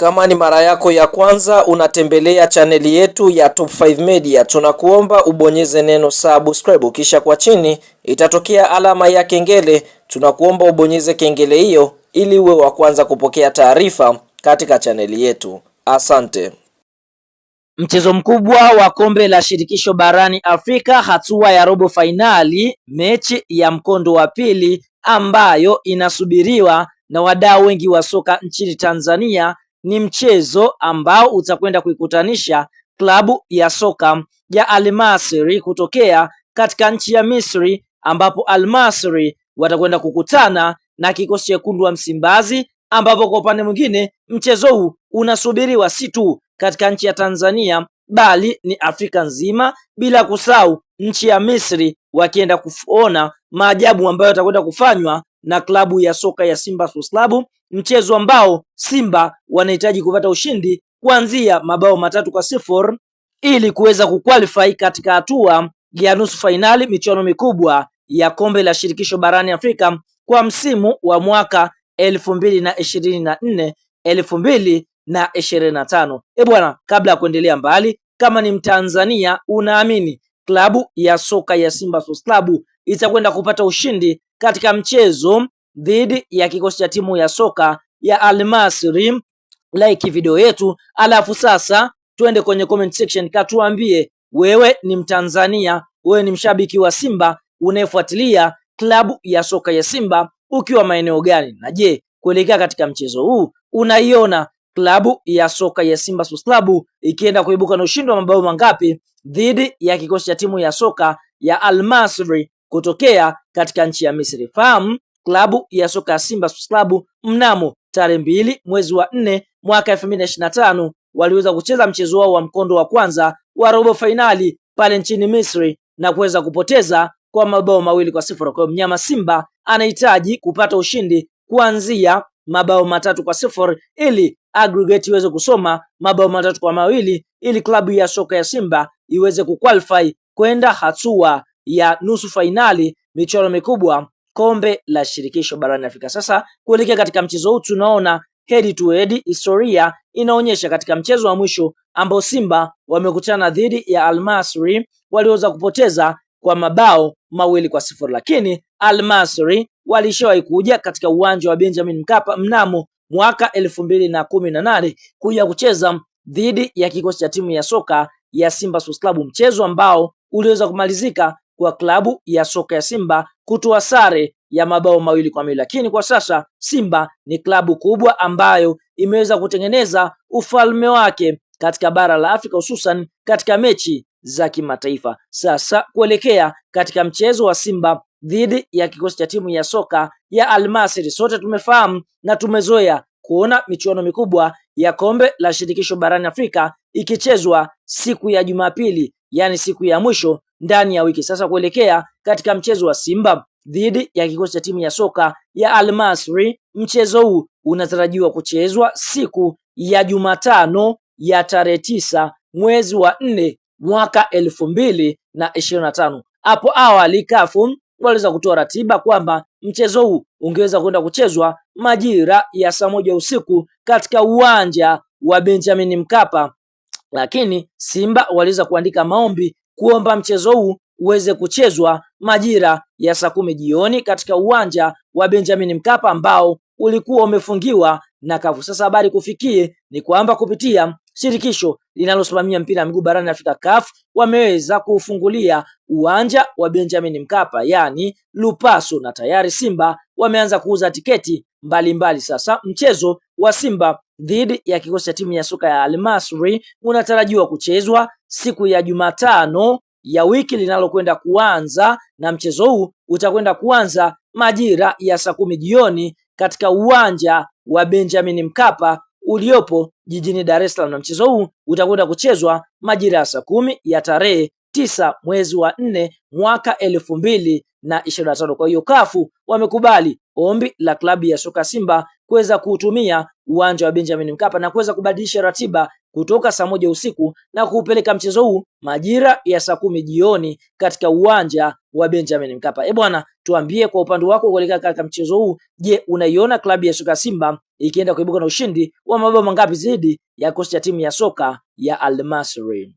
Kama ni mara yako ya kwanza unatembelea chaneli yetu ya Top 5 Media, tunakuomba ubonyeze neno subscribe, kisha kwa chini itatokea alama ya kengele. Tunakuomba ubonyeze kengele hiyo ili uwe wa kwanza kupokea taarifa katika chaneli yetu. Asante. Mchezo mkubwa wa kombe la shirikisho barani Afrika, hatua ya robo fainali, mechi ya mkondo wa pili ambayo inasubiriwa na wadau wengi wa soka nchini Tanzania ni mchezo ambao utakwenda kuikutanisha klabu ya soka ya Al-Masry kutokea katika nchi ya Misri, ambapo Al-Masry watakwenda kukutana na kikosi chekundu wa Msimbazi, ambapo kwa upande mwingine mchezo huu unasubiriwa si tu katika nchi ya Tanzania bali ni Afrika nzima, bila kusahau nchi ya Misri, wakienda kuona maajabu ambayo yatakwenda kufanywa na klabu ya soka ya Simba Sports Club, mchezo ambao Simba wanahitaji kupata ushindi kuanzia mabao matatu kwa sifuri ili kuweza kuqualify katika hatua ya nusu fainali michuano mikubwa ya kombe la shirikisho barani Afrika kwa msimu wa mwaka elfu mbili na ishirini na nne elfu mbili na ishirini na tano. E bwana, kabla ya kuendelea mbali, kama ni Mtanzania unaamini klabu ya soka ya Simba Sports Club itakwenda kupata ushindi katika mchezo dhidi ya kikosi cha timu ya soka ya Al Masry. Like video yetu, alafu sasa tuende kwenye comment section, katuambie wewe ni Mtanzania, wewe ni mshabiki wa Simba unayefuatilia klabu ya soka ya Simba ukiwa maeneo gani? Na je, kuelekea katika mchezo huu unaiona klabu ya soka ya Simba Sports Club ikienda kuibuka na ushindi wa mabao mangapi dhidi ya kikosi cha timu ya soka ya Al kutokea katika nchi ya Misri. Fahamu klabu ya soka ya Simba Sports Club mnamo tarehe mbili mwezi wa nne mwaka 2025 waliweza kucheza mchezo wao wa mkondo wa kwanza wa robo fainali pale nchini Misri na kuweza kupoteza kwa mabao mawili kwa sifuri. Kwa hiyo mnyama Simba anahitaji kupata ushindi kuanzia mabao matatu kwa sifuri ili aggregate iweze kusoma mabao matatu kwa mawili ili klabu ya soka ya Simba iweze kuqualify kwenda hatua ya nusu fainali michuano mikubwa kombe la shirikisho barani Afrika. Sasa kuelekea katika mchezo huu tunaona head to head, historia inaonyesha katika mchezo wa mwisho ambao Simba wamekutana dhidi ya Almasri waliweza kupoteza kwa mabao mawili kwa sifuri, lakini Almasri walishawahi kuja katika uwanja wa Benjamin Mkapa mnamo mwaka elfu mbili na kumi na nane kuja kucheza dhidi ya kikosi cha timu ya soka ya Simba Sports Club, mchezo ambao uliweza kumalizika kwa klabu ya soka ya Simba kutoa sare ya mabao mawili kwa mili, lakini kwa sasa Simba ni klabu kubwa ambayo imeweza kutengeneza ufalme wake katika bara la Afrika, hususan katika mechi za kimataifa. Sasa kuelekea katika mchezo wa Simba dhidi ya kikosi cha timu ya soka ya almasiri sote tumefahamu na tumezoea kuona michuano mikubwa ya kombe la shirikisho barani Afrika ikichezwa siku ya Jumapili, yaani siku ya mwisho ndani ya wiki sasa kuelekea katika mchezo wa Simba dhidi ya kikosi cha timu ya soka ya almasri Mchezo huu unatarajiwa kuchezwa siku ya Jumatano ya tarehe tisa mwezi wa nne mwaka elfu mbili na ishirini na tano. Hapo awali kafu waliweza kutoa ratiba kwamba mchezo huu ungeweza kwenda kuchezwa majira ya saa moja usiku katika uwanja wa Benjamin Mkapa, lakini Simba waliweza kuandika maombi kuomba mchezo huu uweze kuchezwa majira ya saa kumi jioni katika uwanja wa Benjamin Mkapa ambao ulikuwa umefungiwa na kafu. Sasa habari kufikie ni kwamba kupitia shirikisho linalosimamia mpira wa miguu barani Afrika CAF wameweza kuufungulia uwanja wa Benjamin Mkapa yaani Lupaso, na tayari Simba wameanza kuuza tiketi mbalimbali mbali. Sasa mchezo wa Simba dhidi ya kikosi cha timu ya soka ya Almasri unatarajiwa kuchezwa siku ya Jumatano ya wiki linalokwenda kuanza, na mchezo huu utakwenda kuanza majira ya saa kumi jioni katika uwanja wa Benjamin Mkapa uliopo jijini Dar es Salaam, na mchezo huu utakwenda kuchezwa majira ya saa kumi ya tarehe tisa mwezi wa nne mwaka elfu mbili na ishirini na tano. Kwa hiyo kafu wamekubali ombi la klabu ya soka Simba kuweza kuutumia uwanja wa Benjamin Mkapa na kuweza kubadilisha ratiba kutoka saa moja usiku na kuupeleka mchezo huu majira ya saa kumi jioni katika uwanja wa Benjamin Mkapa. Eh bwana, tuambie kwa upande wako kuelekea katika mchezo huu, je, unaiona klabu ya soka Simba ikienda kuibuka na ushindi wa mabao mangapi zaidi ya kosi ya timu ya soka ya almasri